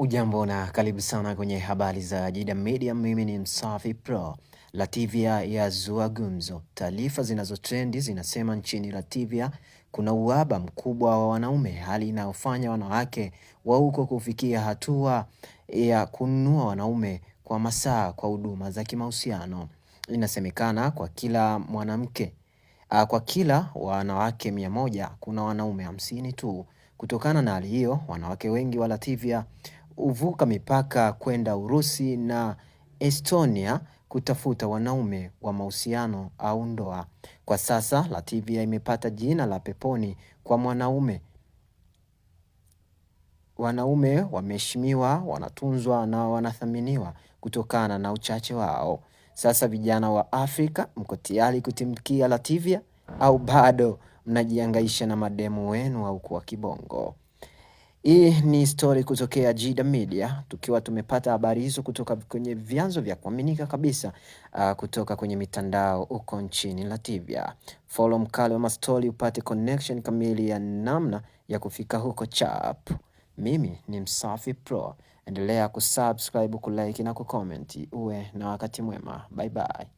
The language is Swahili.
Ujambo na karibu sana kwenye habari za Jida Media. Mimi ni Msafi Pro. Latvia yazua gumzo. Taarifa zinazotrendi zinasema nchini Latvia kuna uhaba mkubwa wa wanaume, hali inayofanya wanawake wa huko kufikia hatua ya kununua wanaume kwa masaa kwa huduma za kimahusiano. Inasemekana kwa kila mwanamke, ah, kwa kila wanawake mia moja kuna wanaume hamsini tu. Kutokana na hali hiyo, wanawake wengi wa Latvia huvuka mipaka kwenda Urusi na Estonia kutafuta wanaume wa mahusiano au ndoa. Kwa sasa Lativia imepata jina la peponi kwa mwanaume. Wanaume wameheshimiwa, wanatunzwa na wanathaminiwa kutokana na uchache wao. Sasa vijana wa Afrika, mko tayari kutimkia Lativia au bado mnajiangaisha na mademu wenu au kwa kibongo? Hii ni stori kutokea Jida Media, tukiwa tumepata habari hizo kutoka kwenye vyanzo vya kuaminika kabisa, uh, kutoka kwenye mitandao huko nchini Latvia. Follow mkali wa mastori upate connection kamili ya namna ya kufika huko chap. Mimi ni Msafi Pro, endelea kusubscribe, kulike na kucomment. Uwe na wakati mwema, bye bye.